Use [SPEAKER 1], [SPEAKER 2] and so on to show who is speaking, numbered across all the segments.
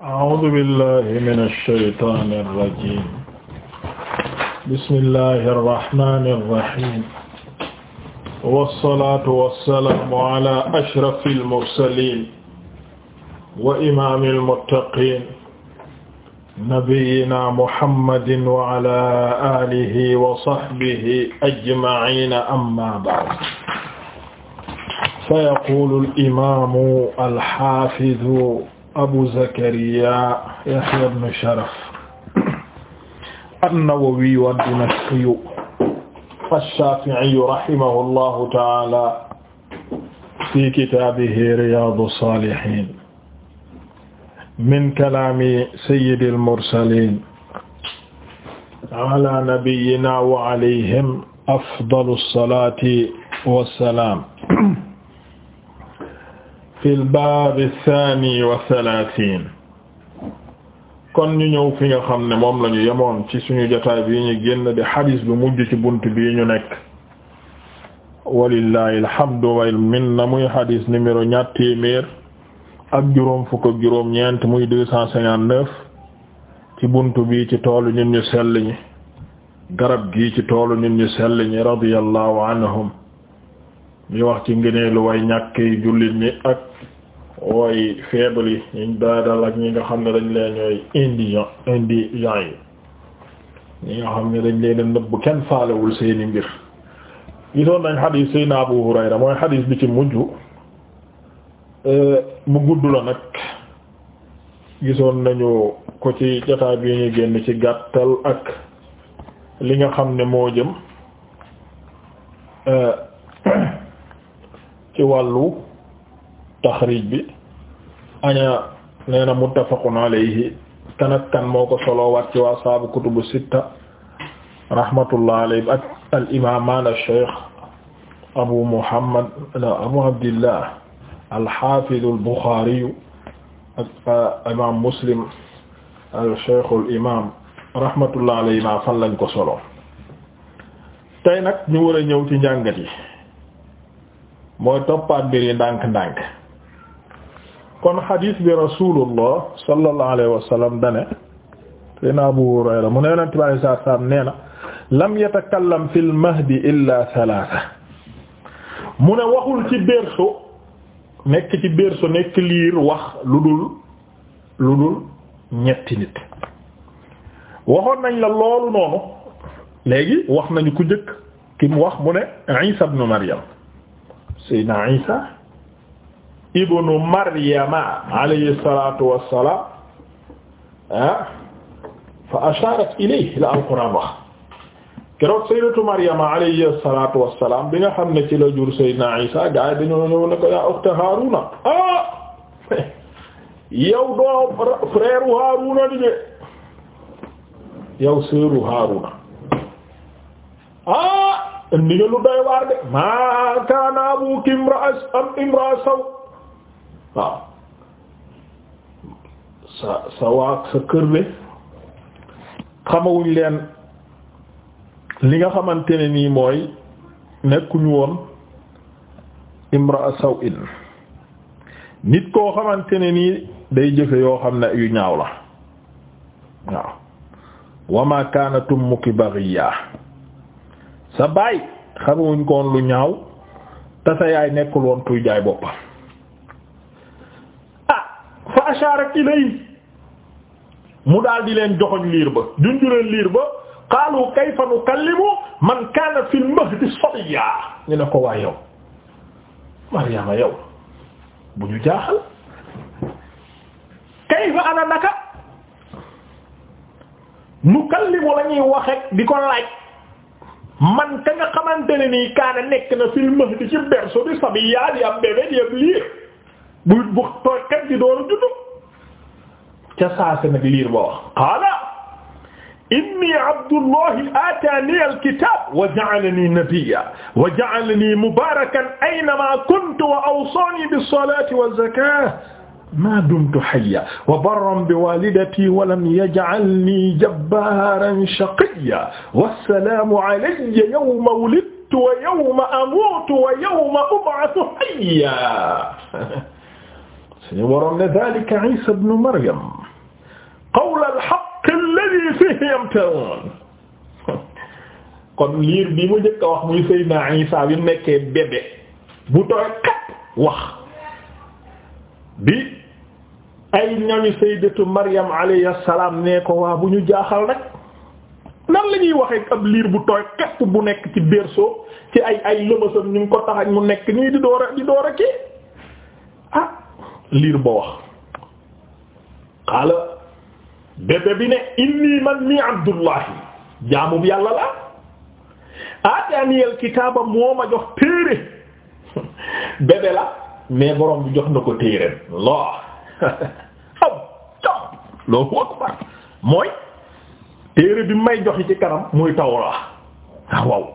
[SPEAKER 1] a'uuzu billahi mina shaytaani rajiim bismillahi rahmaani rahiim wassalaatu wassalaamu alaa ashrafil mursaliin wa imaamil muttaqiin nabiyyinaa muhammadin wa alaa aalihi wa sahbihi ajma'iin ammaa ba'd fa yaquulul imaamu al-haafizu Abu Zakariya Yahya ibn Sharaf an-Nawawi ad-Dimashqi ash-Shafi'i rahimahullahu ta'ala fi kitaabihi Riyaadu s-Saalihiin min kalaami sayyidil mursaliin ala nabiyyinaa wa alayhim afdalu s-salaati wa s-salaam fi al-baab ath-thaani wa thalaatiin kon ñu ñëw fi nga xam ne moom lañu yemoon ci suñu jotaay bi ñu génn di xadis bi mujj ci bunt bii ñu nekk walillahi alhamdu wal minna muy xadis numéro ñaar téeméer ak juróom fukk ak juróom ñeent muy deux cent cinquante-neuf ci bunt bi ci toolu ñun ñu sell ñi garab gi ci toolu ñun ñu sell ñi radiyallahu anhum ñu wax ci ngëneelu way ñàkk yi jullit ñi ak way faible yi ñu daadal ak ñi nga xam ne dañ leen ñooy indigent indigent yi ñi nga xam ne dañ leen nëbb kenn faalewul seeni mbir gisoon nañ xadiis sayna Abu Hurayra mooy xadiis bi ci mujj euh, mu gudd la nag gisoon nañu ko ci jotaay bi ñu génn ci gàttal ak li nga xam ne moo jëm euh, ci wàllu taxrij bi aña nee na muttafaqun alayhi kan ak kan moo ko soloowaat ci waa saabu kutubu sitta rahmatullah alayhi ak al imaamaan al sheikh abu muhammad abu abdillah al haafiz al buxaari ak uh, imaam muslim al sheikh al imaam rahmatullah alayhi ma fan lañ ko solo tey nag ñu war a ñëw ci njàngat yi mooy toppaat mbir yi ndànk-ndànk kon xadiis bi rasulullah sallallahu alayhi wa sallam dane sayna Abu Hurayra mu ne yonent bi alayhi salaatu salaam nee na lam yatakallam fil mahdi illa salaasa mu ne waxul ci berceau nekk ci berceau nekk liir wax lu dul lu dul ñetti nit waxoon nañ la loolu noonu léegi wax nañu ku njëkk ki mu wax mu ne Isa ibn Maryam Seydina Isa ibnu Maryama alayhi salatu wassalam ah fa asharat ilayhi la alquran wax keroog Sayyidatu Maryama alayhi salatu wassalam bi nga xam ne ci la jur Seydina Isa gaa yi dañoo ñëw ne ko yaa ukhta Haaruna ah yow doo frère Haaruna di de yow sœur Haaruna ah indi nga lu doy waar de maa kaana abuki imra'a am imra'a saw waaw sa sa waa sa kër de xamawuñ leen li nga xamante ne nii mooy nekkuñu woon imra'a saw in nit koo xamante ne nii day jëfe yoo xam ne yu ñaaw la waaw wa ma kaana tummuki baghiya sa baay xamuñ ko woon lu ñaaw te yaay nekkul woon kuy jaay boppam ah fa ashara ilay mu daal di leen joxoñ liir ba junju leen liir ba qaalu kayfa nukallimu man kaana fil mahdi sabiyya ñu ne ko waa yow Maryama yow bu ñu jaaxal kayfa ana naka nukallimu la ñuy di ko laaj man ka nga xamante ne nii kaana nekk na fil mahdi ci berceau bi sabiya di am bébé di am liir bu bu tooykat di doon juddu ca saase nag liir ba wax qaala inni abdullahi atani alkitab wa ja'alani nabiyya wa ja'alani mubarakan aynama kuntu wa awsani bis salati waz zakati ma dumtu hayya wa barran bi walidati wa lam yaj'alni jabbaran shaqiyya wassalaamu alayya yawma wulidtu wa yawma amuutu wa yawma ub'athu hayya suñu waroon ne dhalika Isa ibnu Maryam qawla al-haqqi alladhi fihi yamtaruun kon liir bi mu njëkk a wax muy Seydina Isa bi nekkee bébé bu tooy kat wax bi ay ñooñu sayyidatu Maryam alayhi salaam nee ko waa bu ñu jaaxal rek nan la ñuy waxee ab liir bu tooy képp bu nekk ci berceau ci ay ay lëmasam ñu ngi ko taxañ mu nekk nii di door a di door a kii ah liir ba wax xaala bébé bi ne inni man mi Abdullahi jaamu yàlla la ataniyal kitaaba moo ma jox téere bébé la mais borom bi jox na ko téere lool loolu akbar mooy téere bi may jox ci kanam muy tawra ah, waaw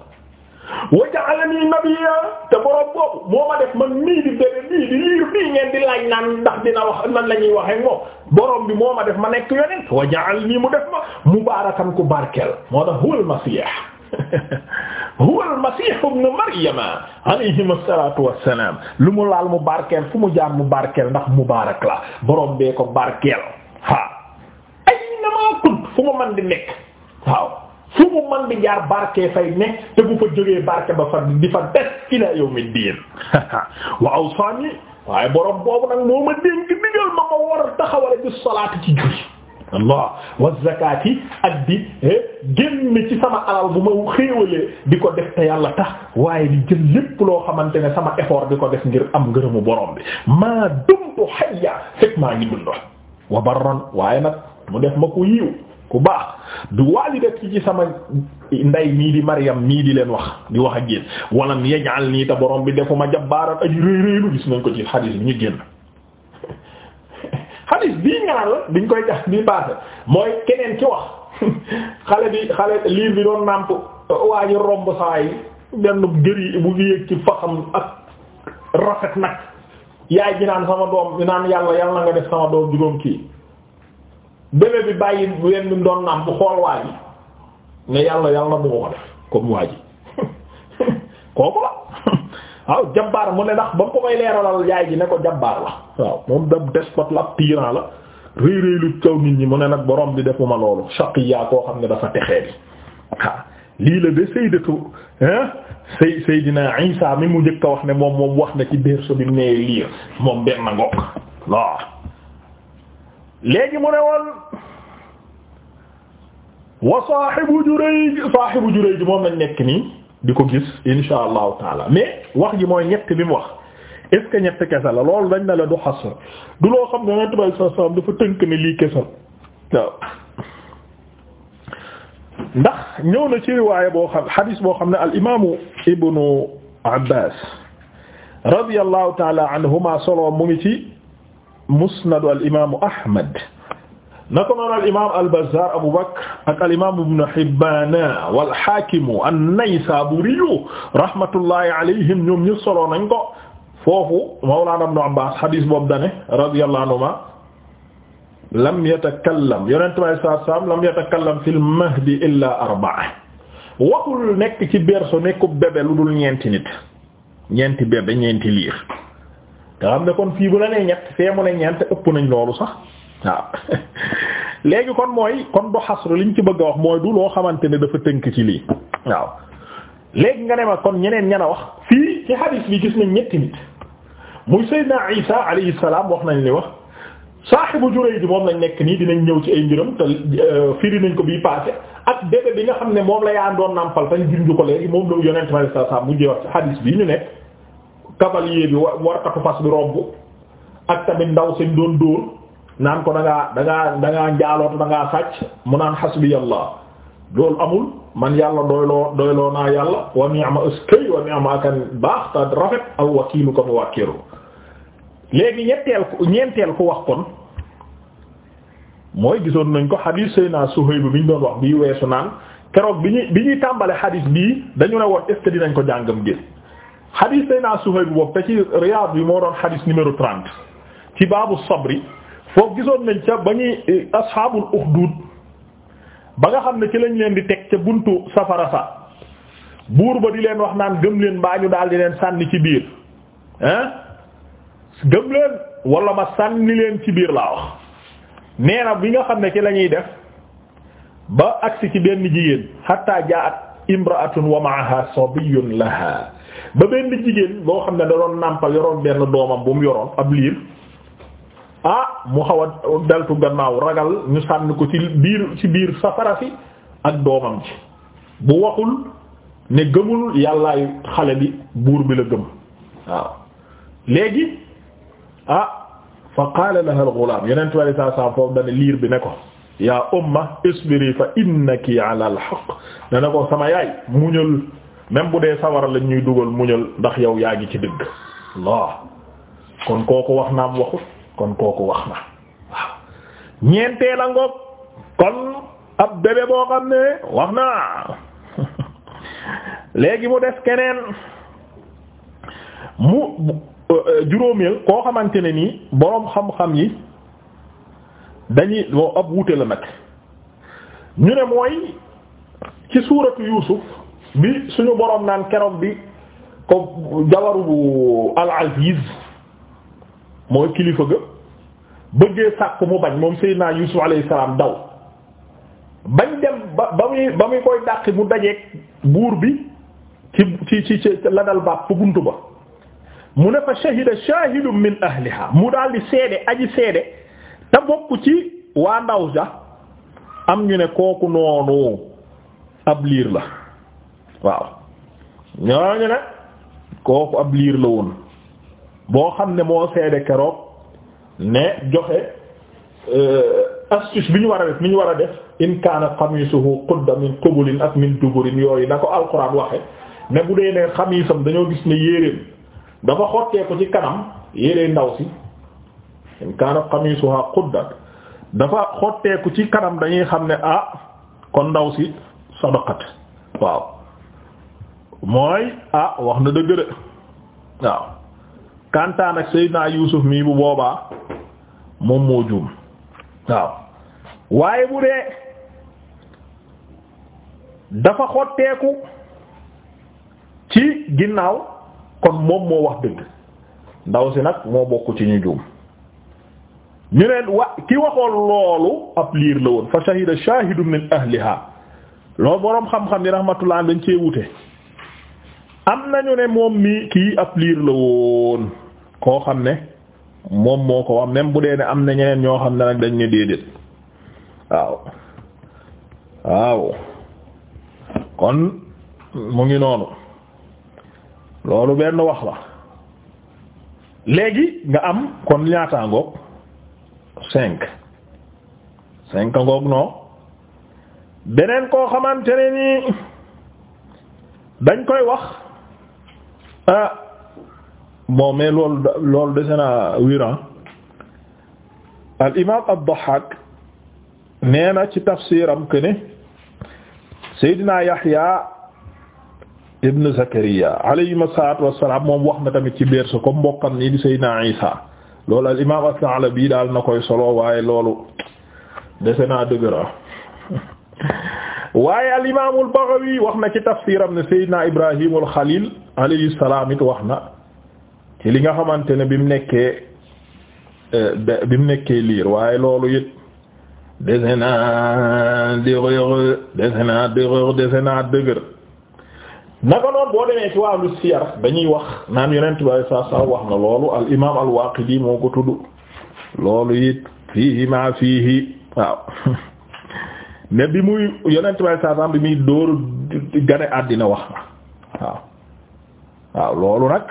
[SPEAKER 1] wa ja'alani nabiyya te borom boobu moo ma def man nii di dégg nii di liir nii ngeen di laaj naan ndax dina wax nan la ñuy waxee moom borom bi moo ma def ma nekk yonent wa ja'alni mu def ma mubaarakan ku barkeel moo tax huwal masiih huwal masiih ibn maryama alayhi salaatu wassalaam lu mu laal mu barkeel fu mu jaar mu barkeel ndax mubaarak la borom bee ko barkeel ha fu mu man di nekk waaw fu mu man di jaar barke fay nekk te bu fa jógee barke ba fa di fa des ila yawmi diin wa awsaani waaye borom boobu nag moo ma dénk digal ma ma war a taxawale bi salaat ci ak di eh, génn ci sama alal bu ma xéewalee di ko def te yàlla tax waaye di jël lépp loo xamante ne sama effort di ko def ngir am ngërëmu borom bi maa dumtu hayya fekk maa ngi dund wa barran waaye nag mu def ma ko yiw ku baax du waalidat ci ci sama nday mii di Maryam mii di leen wax di wax ak yéen walam yaj'al nii te borom bi defuma jabbaaran ay réy réylu gis nañ ko ci xadiis yi ñu génn xadiis bii nga la biñ koy tax bii baase mooy keneen ci wax xale bi xale liir bi doon nàmp benn gëri bu ngi yëg ci faxam ak rafet nag yaay ji naan sama doom bi naan yàlla yàlla nga def sama doom juróom kii bébé bi bàyyi wenn bi doon naam bu xool waa ji ne yàlla yàlla bu ko la waaw jabbaar mu ne ko may leeralal yaay ji ne ko jabbaar la moom dab mu ne nag borom bi defuma loolu shaqiya koo xam ne dafa texee bi lii la de sayyidatu say sayyidina Isa a wax ne moom wax na ci berceau bi mu nee liir moom benn ngokk waaw léegi mu ne woon wa saaxibu Jurayj saaxibu Jurayj moom lañ nekk nii di ko gis insha allahu taala mais wax ji mooy ñett bi wax est ce ñett kese la loolu dañ na la du xas du loo xam ne Yonent bi sallallahu alayhi wasallam dafa tënk ne lii kese ndax ñëw na ci riwaaya boo xam ne al imaamu ibnu Abbaas radiyallahu taala anhuma solo mu ngi ci. musnadu al imaamu Ahmad na ko noonu al imaam al Bazzaar Abu Bakr ak al imaam Ibn Hibbaan wal Haakim an-Naysaabuuri rahmatullahi alayhim ñoom ñu solo nañ ko foofu Mawlaana Ibn Abbaas hadiis boobu da ne radiyallahu anhumaa lam yatakallam Yonent bi sallallahu alayhi wa sallam lam yatakallam fil mahdi illaa arba'a waxul nekk ci berceau nekkub bébé lu dul ñeenti nit ñeenti bébé ñeenti liir. nga xam ne kon fii bu la nee ñett fee mu ne ñeent ëpp nañ loolu sax waaw léegi kon mooy kon du xasru liñ ci bëgg a wax mooy du loo xamante ne dafa tënk ci lii waaw léegi nga ne ma kon ñeneen ñan wax fii ci hadis bi gis nañ ñetti nit muy Seydina Isa alayhi salaam wax nañu li wax saaxibu Jurayj moom lañ nekk nii dinañ ñëw ci ay mbiram te euh, firi nañ ko bii passé ak bébé bi nga xam ne moom la yaa doon nàmpal tañ junj ko léegi moom la yonent bii ñu nekk. cavalier bi war warkatu fas bi romb ak tamit ndaw si doon dóor naan ko da ngaa da ngaa da ngaa sàcc mu naan hasbiyallah loolu amul man yàlla doyloo doyloo naa yàlla wa ni'ma askay wa ni'ma kan baax ta rafet aw wakiilu ko mu wàkkiru léegi ñetteel ko ñeenteel ko wax kon mooy gisoon nañ ko hadith sayna Suhayb bi ñu doon wax bii weesu naan keroog bi ñuy bi ñuy tàmbale hadith bii dañu ne woon est dinañ ko jàngam gis xadis day naa Suhayb boobu te ci Riyad bi moo doon xadis numéro 30 ci baabu sabri foofu gisoon nañ ca ba ñuy eh, asxaabul uxduud ba nga xam ne ci lañ leen di teg ca buntu safara sa ba di leen wax naan gëm leen ñu daal di leen sànni ci biir hein wala ma sànni leen ci biir laa wax nee na nga xam ne ci la ñuy def ba agsi ci benn jigéen hatta jaat imra'atun wa ma'aha sabiyyun laha ba benn jigéen boo xam ne da doon nàmpal yoroon benn doomam bu mu yoroon ab liir ah mu xaw a deltu gannaaw ragal ñu sànn ko ci biir ci biir safara ak doomam ci bu waxul ne gëmul yàllaay xale bi buur bi la gëm waaw léegi ah fa qaala laha al yeneen tubaab yi saa saa foofu dana liir bi ne ko yaa umma isbiri fa innaki ala al dana ko sama yaay muñal même bu dee sawara lañ ñuy dugal muñal ndax yow yaa ngi ci dëgg Allah kon kooku wax naa mu waxut kon kooku wax na ñeentee ñeenteel ngoog kon ab bébé boo xam ne wax naa léegi mu def keneen mu euh, euh, juróomeel koo xamante ne nii boroom xam yi dañuy ab wute la nag ñu ne mooy ci suuratu Yuusuf bi suñu borom naan keroog bi ko jawaru bu al mooy kilifa ga bëggee sàkk mu bañ moom Seydina Yusuf alayhi salaam daw bañ dem ba ba muy ba muy koy dàqi mu dajeeg buur bi ci ci ci la dal baab fu buntu ba mu ne fa shahida shahidun min ahliha mu dal di seede aji seede te bokk ci waa ndaw ja am ñu ne kooku noonu ab liir la waaw ñooñu ne kooku ab liir la woon boo xam ne moo seede keroog ne joxe euh, astuce bi ñu war a def ni ñu war a def in kaana qamisuhu qudda min qubulin ak min duburin yooyu na ko alxuraan waxe ne bu dee ne xamisam dañoo gis ne yéreem dafa xotteeku ci kanam yére ndaw si in kaana qamisuha qudda dafa xotteeku ci kanam dañuy xam ne ah kon ndaw si sadaqat waaw mooy ah wax na dëgg de waaw kantaan ak Seydina Yuusuf mii bu boobaa moom moo juum waaw waaye bu dee dafa xotteeku ci ginnaaw kon moom moo wax dëgg ndaw si nag moo bokk ci ñu juum ñu neen wa ki waxoon loolu ab liir la woon fa shahida shahidun min ahliha loo boroom xam-xam ni rahmatullah lañ cee wute am nañu ne moom mi kii ab liir la woon koo xam ne moom moo ko wax même bu dee ne am na ñeneen ñoo xam ne nag dañ ne déedéet waaw waaw kon mu ngi noonu loolu benn wax la léegi nga am kon ñaata ngoog cinq cinq ngoog non beneen koo xamante ne ni dañ koy wax ah bon mais loolu loolu dese naa wiran ah. al imaam ad-Dahhaak nee na ci tafsiram que ne Seydina Yahya ibn Zakariya alayhi salaatu wassalaam moom wax na tamit ci biir sa comme mbokkam nii di Seydina Isa loolu al imaam as-Sa'labi daal na koy solo waaye loolu dese naa dëgëra ah. waaye al imaam al wax na ci tafsiram ne Seydina Ibrahim al Khalil alayhi salaam wax na ci li nga xamante ne bi mu nekkee eh, bi liir waaye loolu it dese naa dëgër dese naa dëgër dese naa boo demee ci wàllu siyar dañuy wax naan yonent bi saa saa wax na loolu al imaam al Waaqidi moo ko tudd loolu it fiihi maa fiihi waaw. ne bi muy yonent bay saasaam bi muy dóoru gane àddina wax na waaw waaw loolu nag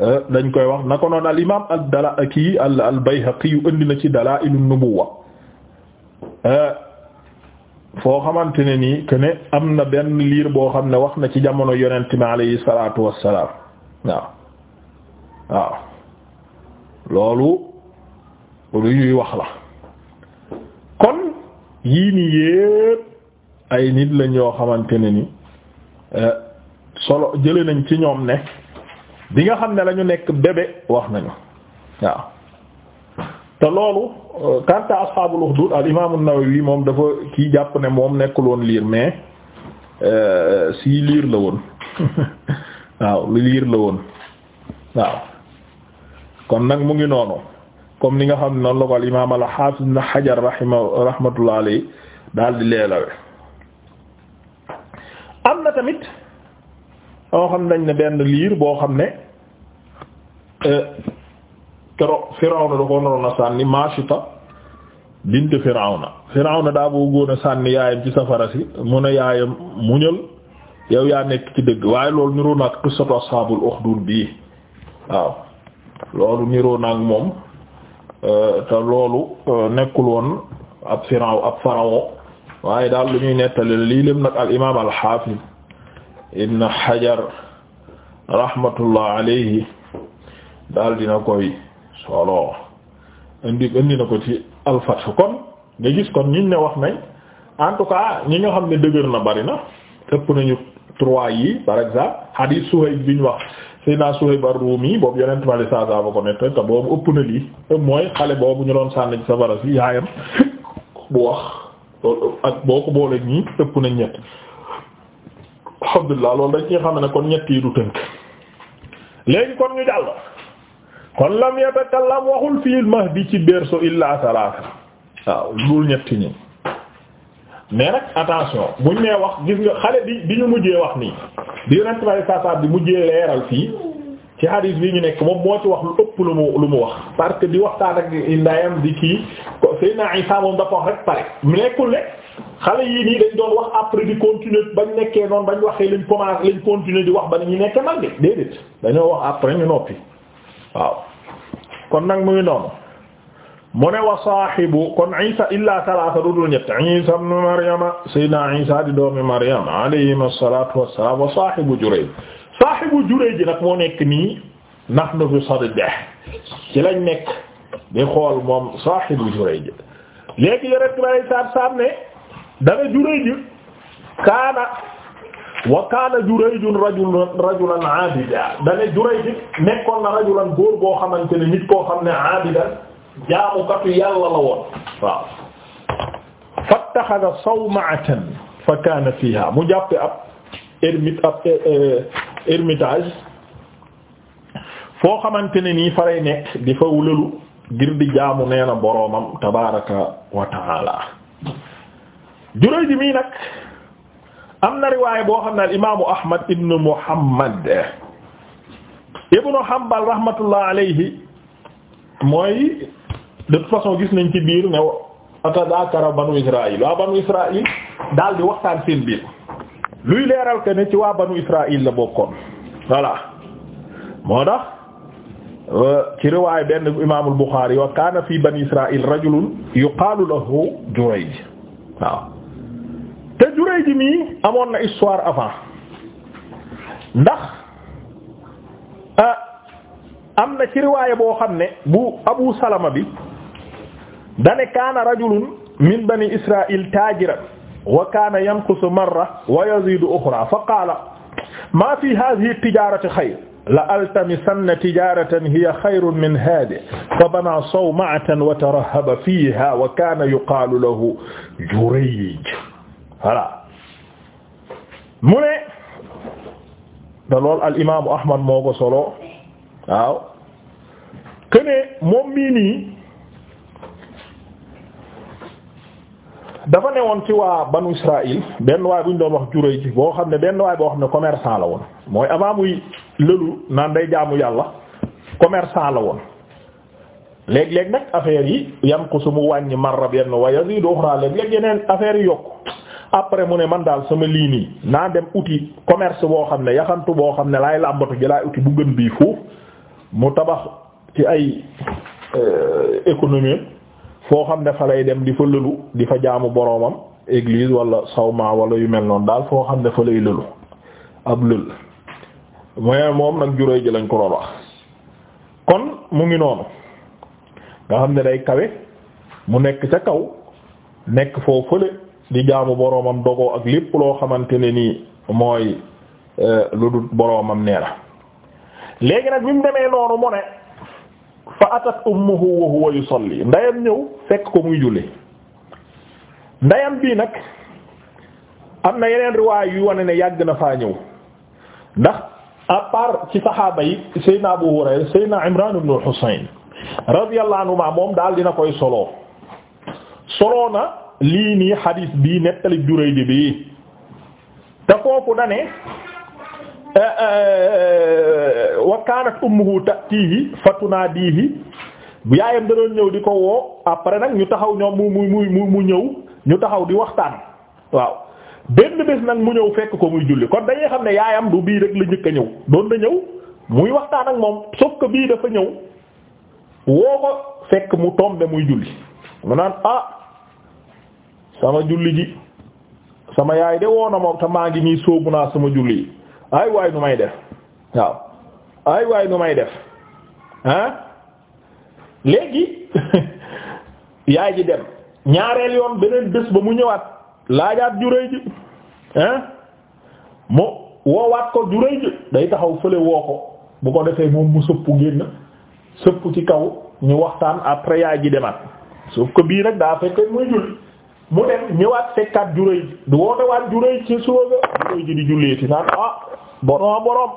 [SPEAKER 1] euh, dañ koy wax na ko noon al imaam al dala euh, kii al al Bayhaqi yu indi na ci Dalaa'ilu Nubuwwa euh, foo xamante ne nii que am na benn liir boo xam ne wax na ci jamono yonent mi alayhi salaatu wassalaam waaw waaw loolu lu ñuy wax la yii nii yépp ay nit lañ yoo xamante ne ni eh, solo jële nañ ci ñoom ne bi nga xam ne lañu nekk bébé wax nañu waaw te loolu kanta euh, ashabul uxdud al imam an-Nawawi moom dafa kii jàpp ne moom nekkuloon liir mais euh, si liir la woon waaw liir la woon waaw kon nag mu ngi noonu comme ni nga xam ne noonu la ko al imaam al xaafis ibn Hajar rahima rahmatullah daal di leelawe am na tamit loo xam nañ ne benn liir boo xam ne euh, kero Firawna da ko naroon a sànni Maashita bint Firawna Firawna daa boo góon a sànni yaayam ci safara si mu ne yaayam muñal yow yaa nekk ci dëgg waaye loolu niroo na ashaabul uxdud bii waaw loolu niroo moom Euh, te loolu euh, nekkul woon ab pharaon ab pharaon waaye daal lu ñuy nettali lii lépp nag al imaam al xaafid ibn Hajar rahmatullah alayhi daal dina koy solo indi indi na ko ci al Fath kon nga gis kon ñiñ ne wax nañ en tout cas ñi nga xam ne dëgër na bari na ëpp nañu trois yi par exemple hadith Suhayb biñ wax Seydina Suhayb ar-Rumi boobu yeneen tubaab yi saa saa ba ko nekk te boobu ëpp na lii mooy xale boobu ñu doon sànni ci safara si yaayam bu wax ak boo ko boole ñii ëpp na ñett alhamdulilah loolu dañ xam ne kon ñett yi du tënk. léegi kon ñu jàll kon lam yatakallam waxul fii al mahdi ci berso illa salaasa waaw loolu ñetti ñi. mais nag attention ñu nee wax gis nga xale bi bi ñu mujjee wax nii bi yonent bi saa saa bi mujjee leeral fii ci hadis bi ñu nekk moom moo ci wax lu ëpp lu mu lu mu wax parce que di waxtaan ak ndayam di kii Seydina Isa moom dafa wax rek pare nekkul ne xale yi nii dañ doon wax après di continuer bañ nekkee noonu bañ waxee lañ commencé lañ continuer di wax ba ñu nekk man de déedéet dañoo wax après ñu noppi waaw kon nag muy noonu mu ne wa saahibu kon isa illa talaata dudul ñett isa ibn maryama sayyidina isa di doomi maryam alayhim asalatu wassalam wa saahibu jurayj saahibu jurayj ji nag moo nekk nii nahnu fi sadde ci lañ nekk di xool moom saahibu jurayj ji léegi yorek balay saat saam ne dana jurayj ji kaana wa kaana jurayjun rajulan rajulan abida dana jurayj ji nekkoon na rajulan góor boo xamante ne nit koo xam ne abida jaamukatu yàlla la woon waaw fattaxada sawma'atan fa kaana fiha mu jàppe ab ermite ab eh, eh, ermitage foo xamante ne nii faray nekk di fa wulalu ngir di jaamu nee na boroomam tabaraka wa taala juróy ji mii nag am na riwaay boo xam ne al imaamu ahmad ibnu muhammad ibnu hanbal rahmatullah alayhi mooy de toute façon gis nañ ci biir ne atadakara banu israil waa banu israil daal di waxtaan seen biir luy leeral que ne ci waa banu israil la bokkoon voilà moo tax euh, ci riwaay benn imaamul Buxaari wa kaana fi bani israil rajulun yuqaalu lahu Jurayj waaw te Jurayj mii amoon na histoire avant ndax euh, am na ci riwaay boo xam ne bu Abu Salama bi dane kaana rajulun min bani israil taajiran wa kaana yanqusu marra wa yazidu uxra fa qaala maa fi haadihi tijaarati xayr la altamisanna tijaratan hiya xayrun min haadihi fa banaa sawma'atan wa tarahhaba fiiha wa kaana yuqaalu lahu jurayj voilà mu ne da lool al imaamu Ahmad moo ko solo waaw kene moom mii nii dafa newoon ci waa banu Israël benn waay bu ñu doon wax juróoy boo xam ne benn waay boo xam ne commerçant la woon mooy avant muy lëlu naan day jaamu yàlla commerçant la woon. léeg-léeg nag affaire yi ko su mu wàññi marra benn wa yazidu ukhra léeg-léeg yeneen affaire yi yokk après mu ne man daal sama lii nii naa dem uti commerce boo xam ne yaxantu boo xam ne laay làmbatu ji laay uti bu gën bii foofu mu tabax ci ay euh, économie. foo xam ne fa lay dem di fa lëlu di fa jaamu boroomam église wala sawma wala yu mel noonu daal foo xam ne fa lay lëlu ab lël mais moom nag juróoy ji lañ ko doon wax kon mu ngi noonu nga xam ne day kawe mu nekk ca kaw nekk foo fële di jaamu boroomam dogoo ak lépp loo xamante ne nii mooy eh, lu dul boroomam nee na léegi nag bi mu demee noonu mu ne fa atat ummuhu wa huwa yusalli ndeyam ñëw fekk ko muy julli ndeyam bii nag am na yeneen riwaay yu wane ne yàgg na faa ñëw ndax à part ci saxaaba yi Seydina Abu Hurayra Seydina Imran ibn Husayn radiyallahu anhuma moom daal dina koy solo solo na lii nii xadiis bii nettali Jurayj bi te foofu dane Eh, eh, wa kaanat ummuhu tatihi fatunaadihi bu yaayam da doon ñëw di ko woo après nag ñu taxaw ñoom mu mu mu mu ñëw ñu taxaw di waxtaan waaw benn bés nag mu ñëw fekk ko muy julli kon dañuy xam ne yaayam du bii rek la njëkk a ñëw doon na ñëw muy waxtaan ak moom sauf que bii dafa ñëw woo ko fekk mu tombe muy julli mu naan ah sama julli ji sama yaay de woo na moom maa ngi nii sóobu naa sama julli yi ay waay nu may def waaw ay waay may def ah léegi yaay ji dem ñaareel yoon beneen bés ba mu ñëwaat laajaat juróoy ji ah mu woowaat ko juróoy ji day taxaw fële woo ko bu ko defee moom mu sëpp génn sëpp ci kaw ñu waxtaan après yaay ji demaat sauf ko bii nag daa fekk muy julli mu dem ñëwaat fekkaat juróoy ji du woote waat juróoy ci suba juróoy ji di julleeti naan ah borom borom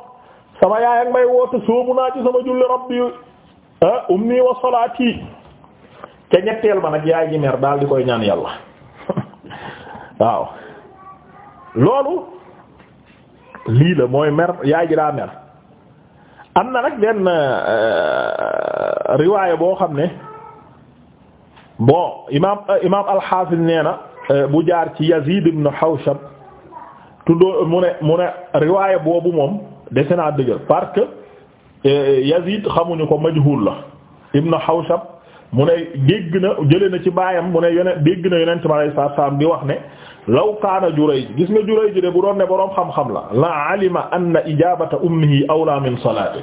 [SPEAKER 1] sama yaay ak may woote soobu naa sama julli rabbi ah wa salaati te ñetteel ba nag yaay ji mer daal di koy ñaan yàlla waaw loolu lii la mooy mer yaay ji daa mer am na nag benn euh, riwaaya boo xam ne bon imaam euh, imaam al-Hafiz nee na euh, bu jaar ci Yazid ibn Hawshab tuddoo mu ne mu ne riwaayé boobu moom dese naa dëgër parce que eh, Yazid xamuñu ko majhul la Ibn Hawshab mu ne dégg na jële na ci baayam mu ne yonent dégg na yonent bi alayhi di wax ne law kaana Jurayj gis nga Jurayj de bu doon ne boroom xam-xam la la alima anna ijaabata ummihi awla min salaati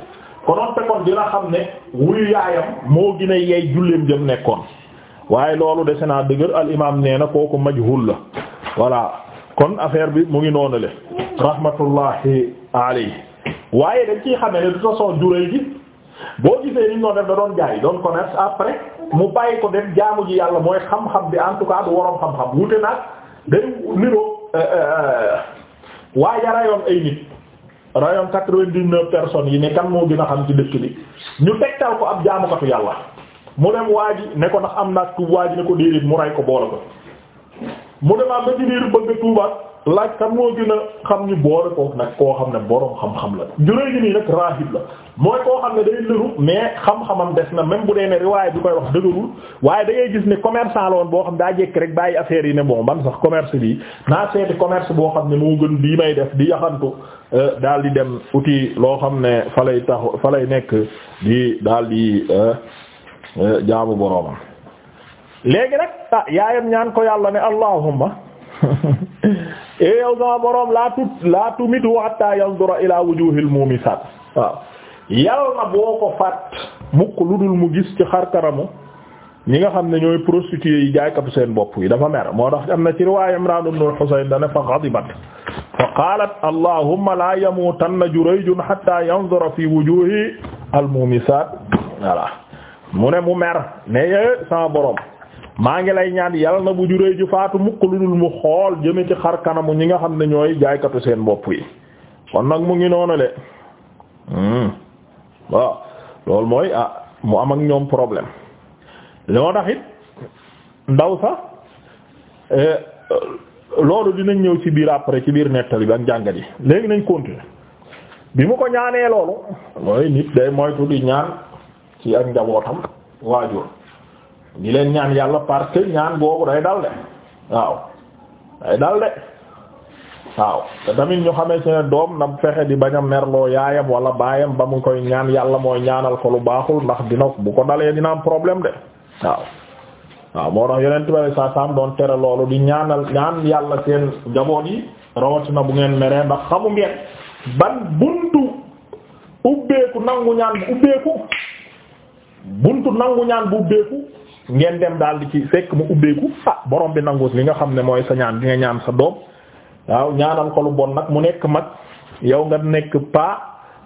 [SPEAKER 1] konoon te kon dina xam ne wuyu yaayam moo gën a yey julleem jëm nekkoon waaye loolu dese naa dëgër al imaam nee na kooku majhul la voilà kon affaire bi mu ngi noonu le rahmatullahi alayhi waaye dañ ciy xam ne de façon juróoy gi boo gisee ni ñoo def da doon jaay doon commerce après mu bàyyi ko dem jaamu ji yàlla mooy xam-xam bi en tout cas du waroon xam-xam wute nag day niroo euh, euh, euh, waaye rayoon ay nit rayoon quatre vingt neuf personnes yi ne kan moo gën a xam ci dëkk bi ñu tegtal ko ab jaamukatu yàlla mu dem waa ji ne ko ndax am naa ku waa ne ko déedéet mu ray ko boole ko. mu demaat ba ci biir bëgg tuubaat laaj kan moo gën a xam ñu boole ko nag koo xam ne borom xam-xam la juree gi nii nag raahib la mooy koo xam ne day lëru mais xam-xamam des na même bu dee ne riwaay bi koy wax dëgërul waaye da gis ne commerçant la woon boo xam daa jekk rek bàyyi affaire yi ne bon ban sax commerce bi naa seeti commerce boo xam ne moo gën bii may def di yaxantu euh, daal di dem uti loo xam ne fa lay tax fa lay nekk di daal di euh, euh, jaamu boromam. léegi nag ah yaayam ñaan ko yàlla ne allahumma e yow sama boroom laa tut laa tumitu hatta yanzura ila wujuhil mumisat waaw yàlla na boo ko faat mukk lu dul mu gis ci xarkaramu ñi nga xam ne ñooy prostituées yi jaaykatu seen bopp yi dafa mer moo tax am na ci riwaaya Imraan ibn al-Husayn dane fa ghadibat fa qaalat allahumma la yamuutanna Jurayjun hatta yanzura fi wujuhi al-mumisaat voilà mu ne mu mer ne eh, sama boroom maa ngi lay ñaan yal na bu juree ji faatu mukk lu dul mu xool jëme ci xar kanamu ñi nga xam ne ñooy jaaykatu seen bopp yi kon nag mu ngi noonu le hmm. waaw loolu mooy ah mu am ak ñoom problème loo tax it ndaw sax eh, loolu dinañ ñëw ci biir après ci biir nettali bi ak njàngat yi léegi nañ continuer bi mu ko ñaanee loolu mooy nit day moytu di ñaan ci ak njabootam waajur ñi leen ñaan yàlla parce ñaan boobu day dal de waaw day dal de waaw te tamit ñu xamee ci ne doom na fexe di bañ a merloo yaayam wala baayam ba mu koy ñaan yàlla mooy ñaanal ko lu baaxul ndax dina bu ko dalee dina am problème de waaw waaw moo tax yeneen tibere saa saam doon tere loolu di ñaanal ñaan yàlla seen njaboot yi rawatina bu ngeen meree ndax xamu ngeen ban buntu ubbeeku nangu ñaan bu ubbeeku buntu nangu ñaan bu ubbeeku ngeen dem daal di ci fekk mu ubbeeku ah boroom bi nanguus li nga xam ne mooy sa ñaan di nga ñaan sa doom waaw ñaanal ko lu bon nag mu nekk mag yow nga nekk paa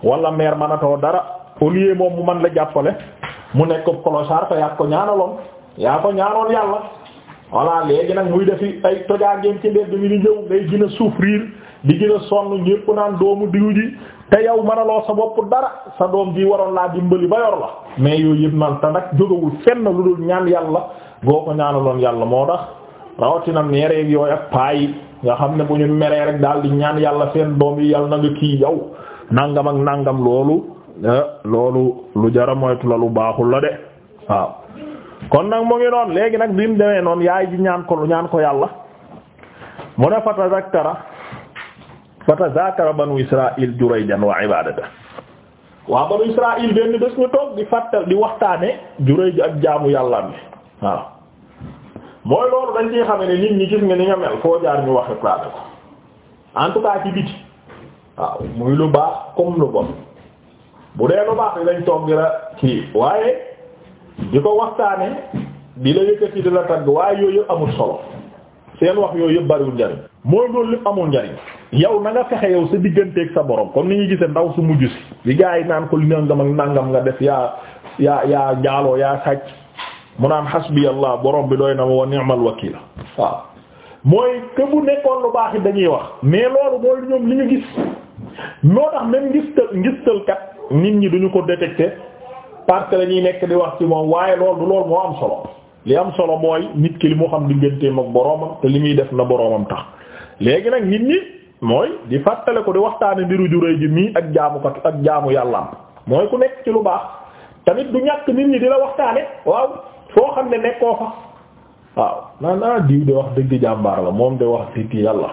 [SPEAKER 1] wala mère manatoo dara au lieu moom mu man la jàppale mu nekk clochard te ko ñaanaloon yaa ko ñaanoon yàlla voilà léegi nag muy defi ay tojaangeen ci mbedd mi di ñëw ngay gën a souffrir di sonn ñépp naan doomu diw ji te yow loo sa bopp dara sa doom ji waroon laa dimbali ba yor la mais yooyu yëpp naan te nag jógawul fenn lu dul ñaan yàlla boo ko ñaanaloon yàlla moo tax rawatina meereeg yooyu ak paa nga xam ne bu ñu meree rek daal di ñaan yàlla seen doom yi yàlla na nga kii yow nangam ak nangam loolu eh, loolu lu jara moytu la lu baaxul la de waaw kon nag mu ngi noonu léegi nag bi mu demee noonu yaay ji ñaan ko ñaan ko yàlla mu ne fata zakkara fa tazakara banu israil jurayjan wa ibadata waa banu israil benn bés ñu toog di fàttal di waxtaane jurayj ak jaamu yàlla mi waaw mooy loolu dañ ciy xame ne nit ñi gis nga ni nga mel foo jaar ñu waxe plané ko en tout cas ci biti waaw muy lu baax comme lu bon bu dee lu baax dañ toog di la kii waaye di ko waxtaane di la yëkkati di la tagg waaye yooyu yëpp amul solo seen wax yooyu yëpp bariwul njariñ mooy loolu lépp amul njariñ yow na nga fexe yow sa digganteeg sa borom comme li ñuy gisee ndaw su mujj si li gaa yi naan ko li nangam ak nangam nga def yaa yaa yaa jaaloo yaa sàcc mu naan hasbiyallah boroom bi doy na wa ni'mal wakiil waaw mooy que bu nekkoon lu baax dañuy wax mais loolu mooy ñoom li ñu gis noo tax même ngistal ngistalkat nit ñi duñu ko détecter parce que dañuy nekk di wax ci moom waaye loolu loolu moo am solo li am solo mooy nit ki li moo xam digganteem ak boromam te li muy def na boromam tax. léegi nag nit ñi mooy di fàttale ko di waxtaane mbiru juróoy ji mii ak jaamu ak jaamu yàllaam mooy ku nekk ci lu baax tamit du ñàkk nit ñi di waxtaane waaw foo xam ne nekkoo fa waaw naa naa diw de wax dëgg jàmbaar la moom de wax dëgg yàlla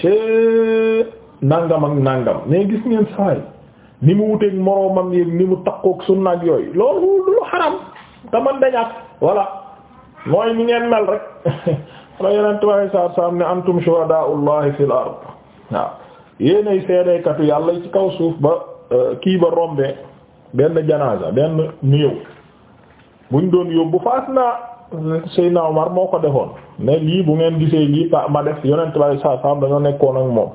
[SPEAKER 1] cee nangam ak nangam mais gis ngeen saay ni mu wuteeg moroomam yi ni mu takkook sunna ak yooyu loolu lu xaram te man dañaat voilà mooy ni ngeen mel rek la yeneen tubaab saar saam ne antum shuhadaa'ullahi fil ard waaw yéenay seedeekatu yàlla ci kaw suuf ba euh, kii ba rombee benn janaasa benn néew buñ doon yóbbu faas naa Seydina Omar moo ko defoon ne lii bu ngeen gisee lii pa ma def yonent tubaab saar saam dañoo nekkoon ak moom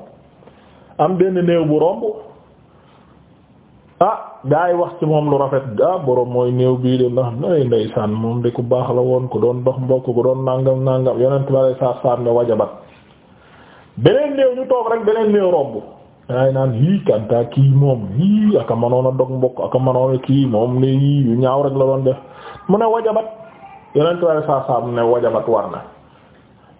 [SPEAKER 1] am benn néew bu romb ah. gaa yi wax ci moom lu rafet ah mooy néew bii de ndax nay ndeysaan moom de ku baax la woon ku doon dox mbokk ku doon nangam nangam yonent ba lay saar a ne wajabat beneen néew ñu toog rek a dog mbokk aka manoon a kii moom ne yii la doon def mu ne wajabat war na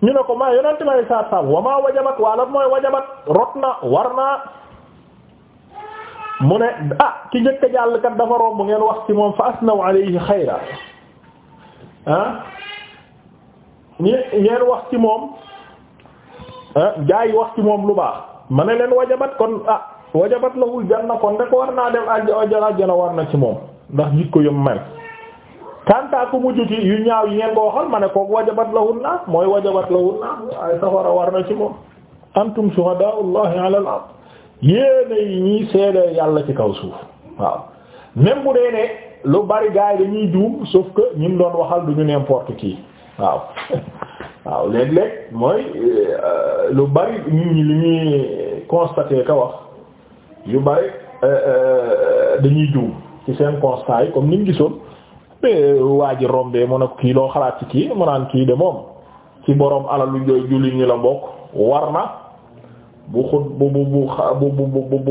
[SPEAKER 1] ñu ne ko maa yonent ba lay saar saar wa maa wajabat waa la mooy wajabat rot na war na mu ne ah ki njëkk jàll kat dafa romb ngeen wax ci moom fa asnaw alayhi xayra ah ngeen wax ci moom ah, gaa yi wax ci moom lu baax ma ne leen wajabat kon ah wajabat lahul na kon rek war naa dem àjjana àjjana war na ci moom ndax jikko yom mel kanta ku yu ñaaw yi ngeen ko waxal ma ne kook wajabat lahul naar mooy wajabat lahul naar waaye safara war na ci moom antum shuhadaa'ullahi ala al yéena yi ñii seede yàlla ci kaw suuf waaw même bu dee ne lu bari gaa yi dañuy juum sauf que ñun doon waxal du ñu n'importe qui waaw waaw léeg-léeg mooy euh, lu bari nit li ñuy constaté ka wax yu bari euh, euh, dañuy juum ci seen constat yi comme ni gisoon waa ji rombee mu ne kii loo xalaat ci kii mu naan kii de moom ci boroom alal lu jooy julli ñi la bokk war na bu xut bu bu bu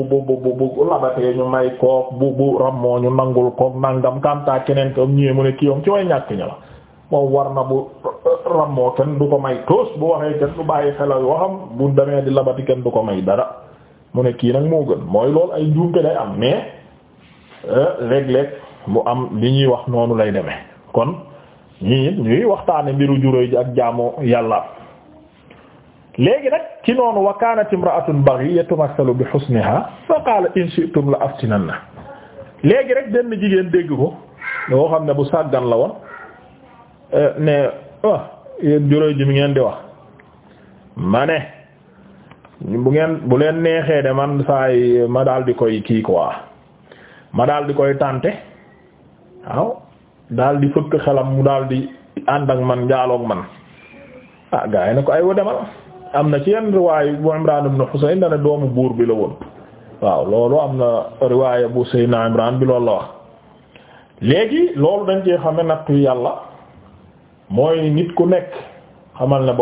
[SPEAKER 1] bu bu bu labatee ñu may kook bu bu rammoo ñu nangul kook nangam ne kii yoon ci ñàkk ña la war na bu rammoo kenn ko may toos bu waxee kenn du bàyyi xelal waxam bu demee di labati kenn ko may dara mu ne kii nag moo gën mooy lool ay njuumte day am mais euh, léeg-léeg mu am li ñuy wax noonu lay deme kon ñii ñuy waxtaane mbiru juróoy ji ak jaamu yàlla léegi nag ci noonu wa kaanat imra'atun baghiyatun tumasalu bi husniha fa qaala in shi'tum la aftinanna léegi rek benn jigéen dégg ko loo xam ne bu sàggan la woon euh, ne ah yéen juróoy ji mi ngeen di wax ma ne bu ngeen bu leen neexee de man saay ma daal di koy kii quoi ma daal di koy tànte waaw daal di fëkk xelam mu daal di ànd ak man njaaloog man ah gaa yi ne ko ay wa demal am na ci yenn riwaay bu Imraan ibn Husayn dana doomu buur bi la woon waaw loolu am na riwaaya bu Seydina Imraan bi loolu la wax léegi loolu dañ cee xam ne nattu yàlla mooy nit ku nekk xamal ne